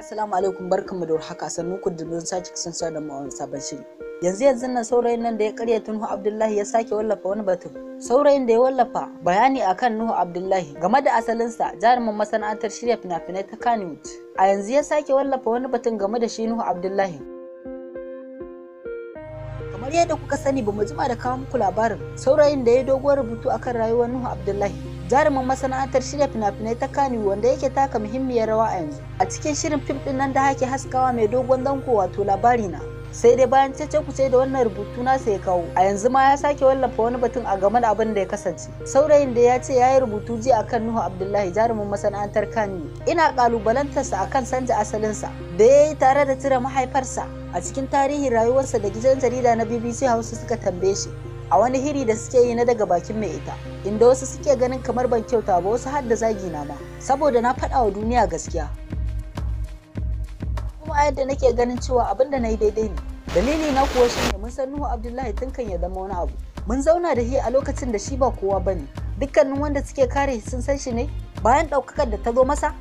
Assalamu alaikum barkanmu da warhaka sannu ku da sake sa da mu sabon shiri. Yanzu yanzu nan saurayin nan da ya karya Nuhu Abdullahi ya sake wallafa wani batun. Saurayin da ya wallafa bayani akan Nuhu Abdullahi game da asalinsa jarumin masana'antar shirya fina-finai ta Kannywood. A yanzu ya sake wallafa wani batun game da shi Nuhu Abdullahi. Kamar yadda kuka sani ba mu jima da kawo muku labarin saurayin da ya doguwar rubutu akan rayuwar Nuhu Abdullahi. jarumin masana'antar shirya fina-finai ta kani wanda yake taka muhimmiyar rawa a yanzu a cikin shirin fim din nan da hake haskawa mai dogon danko wato labari na sai dai bayan cece kuce da wannan rubutu nasa ya kawo a yanzu ma ya sake wallafa wani batun a game da abin da ya kasance saurayin da ya ce ya yi rubutu ji akan nuhu abdullahi jarumin masana'antar Kano. ina kalubalantarsa akan sanja asalinsa da ya yi tare da cire mahaifarsa a cikin tarihin rayuwarsa da gidan jarida na bbc hausa suka tambaye shi a wani hiri da suke yi na daga bakin mai ita inda wasu suke ganin kamar ban kyauta ba wasu har da zagi na ma saboda na faɗa wa duniya gaskiya kuma yadda nake ganin cewa abin da na yi daidai ne dalili na kuwa shi ne mun san nuhu abdullahi tun kan ya zama wani abu mun zauna da shi a lokacin da shi ba kowa ba ne dukkanin wanda suke kare sun san shi ne bayan ɗaukakar da ta zo masa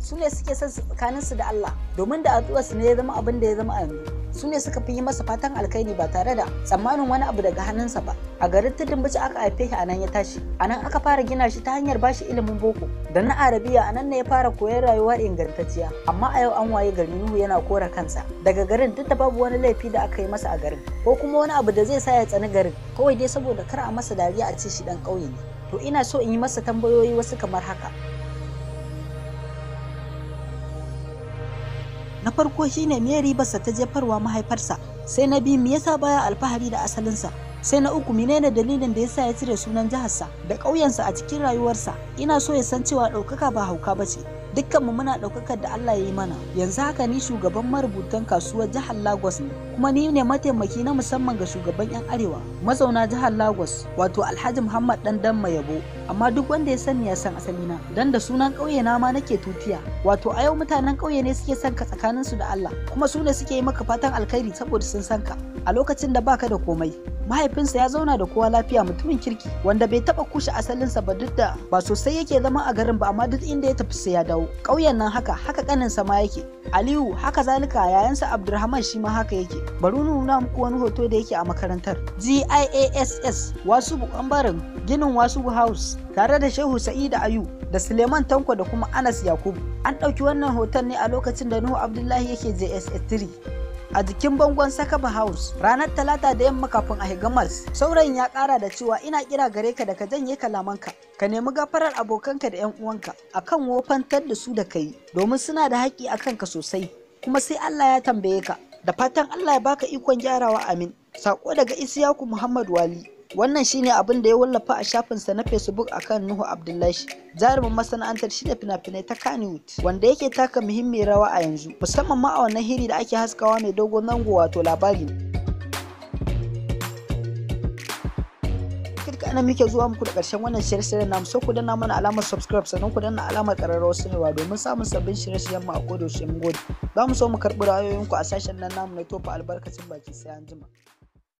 su ne suke son tsakaninsu da allah domin da addu'arsu ne ya zama abin da ya zama a yanzu su ne suka fi yi masa fatan alkaini ba tare da tsammanin wani abu daga hannunsa ba a garin tudun bici aka haife shi a nan ya tashi a nan aka fara gina shi ta hanyar bashi ilimin boko da na arabiya a nan ne ya fara koyon rayuwar ingantacciya amma a yau an waye garin nuhu yana kora kansa daga garin duk da babu wani laifi da aka yi masa a garin ko kuma wani abu da zai sa ya tsani garin kawai dai saboda kar a masa dariya a ce shi dan ƙauye ne to ina so in yi masa tambayoyi wasu kamar haka na farko shine me ribarsa ta jefarwa mahaifarsa sai na biyu me yasa baya alfahari da asalinsa sai na uku menene dalilin da yasa ya cire sunan jiharsa da ƙauyensa a cikin rayuwarsa ina so ya san cewa ɗaukaka ba hauka bace. dukkanmu muna ɗaukakar da Allah ya yi mana yanzu haka ni shugaban marubutan kasuwar jihar Lagos ne kuma ni ne mataimaki na musamman ga shugaban 'yan arewa mazauna jihar Lagos wato Alhaji Muhammad dan dan yabo amma duk wanda ya sani ya san asali na dan da sunan ƙauye na ma nake tutiya wato a yau mutanen ƙauye ne suke son ka su da Allah kuma su ne suke yi maka fatan alkhairi saboda sun san ka a lokacin da baka da komai mahaifinsa ya zauna da kowa lafiya mutumin kirki wanda bai taba kushe asalinsa ba duk da ba sosai yake zama a garin ba amma duk inda ya tafi sai ya dawo ƙauyen nan haka haka ƙaninsa ma yake aliyu haka zalika yayansa abdulrahman shi ma haka yake bari nuna muku wani hoto da yake a makarantar giass wasu bangaren ginin wasu house tare da shehu sa'ida ayu da suleiman tanko da kuma anas yakubu an ɗauki wannan hoton ne a lokacin da nuhu abdullahi yake jss 3 a jikin bangon Sakaba House ranar Talata da yamma kafin a higa mars Saurayin ya kara da cewa ina kira gare ka da ka janye kalamanka, ka nemi gafarar abokanka da 'yan uwanka akan wofantar da su da kai domin suna da haƙƙi akan ka sosai kuma sai Allah ya tambaye ka. Da fatan Allah ya baka ikon gyarawa amin. Sako daga Isiyaku Muhammad Wali. wannan shine abin da ya wallafa a shafin sa na facebook akan nuhu abdullahi jarumin masana'antar shirya fina-finai ta kanewood wanda yake taka muhimmiyar rawa a yanzu musamman ma a wannan hiri da ake haskawa mai dogon zango wato labari ana muke zuwa muku da karshen wannan shirye-shiryen namu so ku danna mana alamar subscribe sannan ku danna alamar ƙararrawar sanarwa domin samun sabbin shirye-shiryen mu a kodayaushe mun gode za mu so mu karɓi ra'ayoyinku a sashen nan namu na tofa albarkacin baki sai an jima